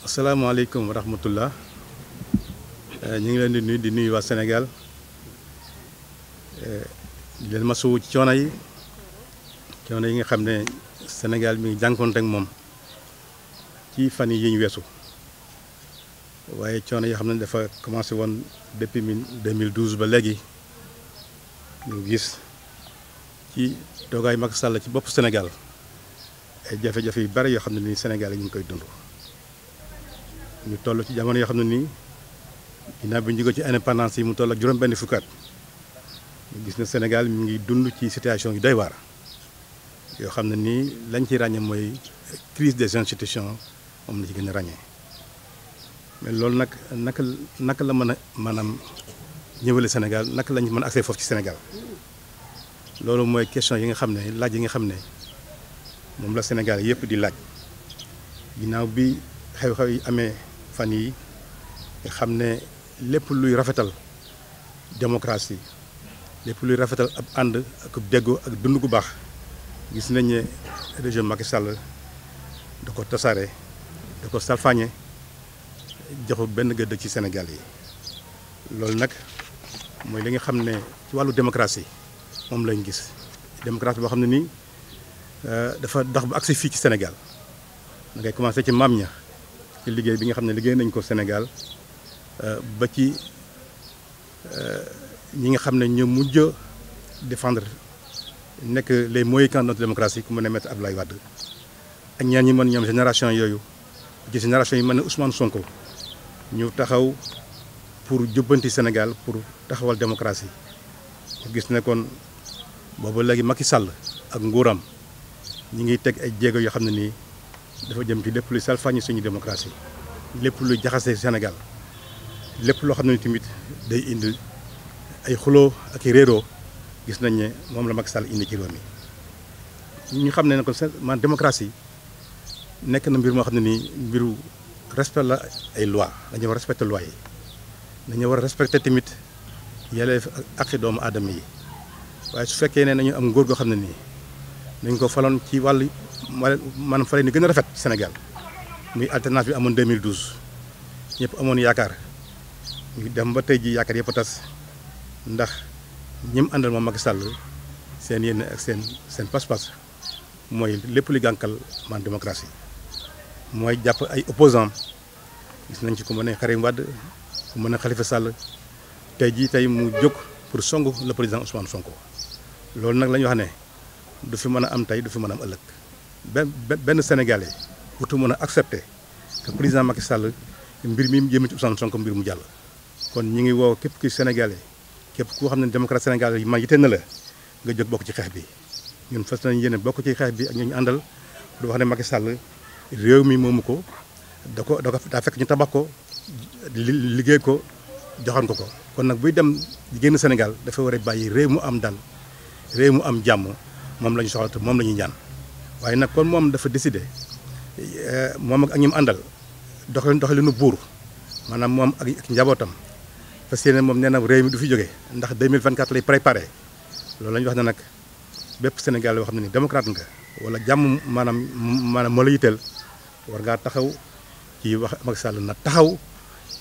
asalaamaaleykum wa rahmatullah eh, ñu ngi leen di nuy di nuyu waa Sénégal eh, di leen masawu ci coono yi coono yi nga xam ne Sénégal mi ngi jànkoonte ak moom ci fan yi ñu weesu waaye coono yoo xam ne dafa commencé woon depuis 2012 ba léegi ñu gis ci toogaay mag Sall ci bopp Sénégal ay eh, jafe-jafe yu bari yoo xam ne nii Sénégal yi ñu ngi koy dund. ñu toll ci jamono yoo xam ne nii ginnaaw bi ñu jógee ci indépendance yi mu toll ak juróom-benn fukkaat ñu gis na Sénégal mi ngi dund ci situation yi doy waar yoo xam ne nii lañ ci ràññee mooy crise des institutions moom la ci gën a ràññee mais loolu nag naka naka la mën a maanaam ñëwale Sénégal naka lañu mën a accès foofu ci Sénégal loolu mooy question yi nga xam ne laaj yi nga xam ne moom la Sénégal yëpp di laaj ginnaaw bi xew-xew yi amee fan yi nga xam ne lépp luy rafetal démocratie lépp luy rafetal ab ànd ak déggoo ak dund gu baax gis nañ ne régime Macky Sall da ko tasaare da ko salfaañe joxu benn gëdd ci Sénégal yi loolu nag mooy li nga xam ne ci wàllu démocratie moom lañ gis démocratie boo xam ne nii euh, dafa dox ba agsi fii ci Sénégal da ngay commencé ci maam ña ci liggéey bi nga xam ne liggéey nañ ko Sénégal euh, ba ci euh, ñi nga xam ne ñu mujj defendre nekk les moyens de notre démocratie ku mën a mettre Abdoulaye Wade ak ñaan ñi mën ñoom génération yooyu ci génération yi man ne Ousmane Sonko ñu taxaw pour jubbanti Sénégal pour taxawal démocratie gis ne kon boobu léegi Macky sàll ak nguuram ñu ngi teg ay jéego yoo xam ne nii dafa jëm ci lépp lu salfaañi suñu démocratie lépp lu jaxasee Sénégal lépp loo xam ne tamit day indi ay xuloo ak i réeroo gis nañ ne moom la Macky Sall indi ci réew mi ñu xam ne ko man démocratie nekk na mbir moo xam ne nii mbiru respect la ay loi dañu war respecté loi yi dañu war a respecté tamit yelleef ak doomu aadama yi waaye su fekkee ne nañu am ngóor goo xam ne nii nañ ko faloon ci wàll maanaam fale ni gën a rafet Sénégal muy alternance bi amoon 2012 ñëpp amoon yaakaar ñu dem ba tey ji yaakaar yëpp a tas ndax ñim àndal moom Macky sàll seen yénn ak seen seen pas-pas mooy lépp li gànkal man démocratie mooy jàpp ay opposant gis nañ ci ku mën ne Karim Wade ku mën a Khalifa sàll tey jii tey mu jóg pour song le président Ousmane Sonko loolu nag la wax ne du fi mën a am tey du fi mën a am ëllëg benn benn Sénégalais wutu mën a accepter que président Macky Sall mbir mi jëm ci Ousmane Sonko mbir mu jàll. kon ñu ngi woo képp kuy Sénégalais képp koo xam ne démocrate Sénégal yi ma yite na la nga jóg bokk ci xeex bi ñun fas nañ yéene bokk ci xeex bi ak ñu ñu àndal du wax ne Macky Sall réew mi moomu ko da ko da ko daa fekk ñu tabax ko liggéey ko joxan ko ko kon nag buy dem génn Sénégal dafa war a bàyyi réew mu am dal réew mu am jàmm. moom lañu ñu soxla te moom la ñuy ñaan waaye nag kon moom dafa décidé euh, moom ak ñim àndal doxalin nu buur maanaam moom ak ak njabootam fas yéene moom nee na réew mi du fi jóge ndax 2024 lay préparé loolu la ñu wax ne nag bépp Sénégal yoo xam ne ni démocrate nga wala jàmm maanaam maanaam moo la yitteel war ngaa taxaw ci wax Macky Sall na taxaw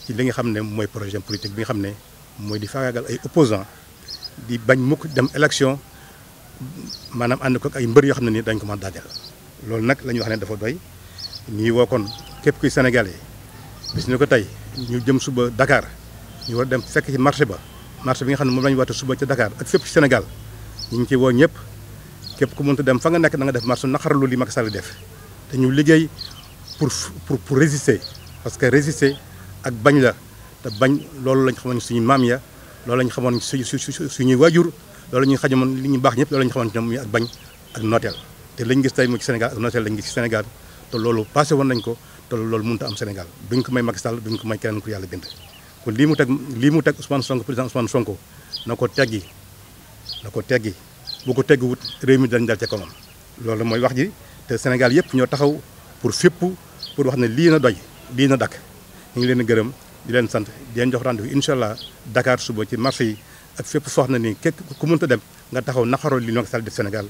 ci li nga xam ne mooy projet politique bi nga xam ne mooy di faagaagal ay opposants di bañ mukk dem élection maanaam ànd ko ak ay mbër yoo xam ne nii dañ ko mën a loolu nag la ñuy wax ne dafa doy ñuy woo kon képp kuy sénégalais bis ni ko tey ñu jëm suba dakaar ñu war dem fekk ci marché ba marché bi nga xam ne moom la ñu woote suba ci Dakar ak fépp ci Sénégal ñu ngi ciy woo ñëpp képp ku mënta dem fa nga nekk na nga def marché naqarlu li Macky Sall def te ñu liggéey pour pour pour résister parce que résister ak bañ la te bañ loolu lañ xamoon suñu maam ya loolu lañ xamoon suñu suñuy waajur loolu ñu xajamoon li ñu baax ñëpp loolu la ñu xamante ne muy ak bañ ak nooteel te lañ gis tey mu ci Sénégal lañ gis ci Sénégal te loolu passé woon nañ ko te loolu mun a am Sénégal duñ ko may Macky Sall duñ ko may keneen ku yàlla bind kon lii mu teg lii mu teg Ousmane Sonko président Ousmane Sonko na ko teggi na ko teggi bu ko tegg réew mi dañ dal ca kawam loolu mooy wax ji te Sénégal yëpp ñoo taxaw pour fépp pour wax ne lii na doy lii na dakk ñu ngi leen gërëm di leen sant di leen jox rendez incha allah Dakar suba ci marché yi ak fépp foo na ni nii képp ku mënta dem nga taxaw naxaro li ñoo ngi de Sénégal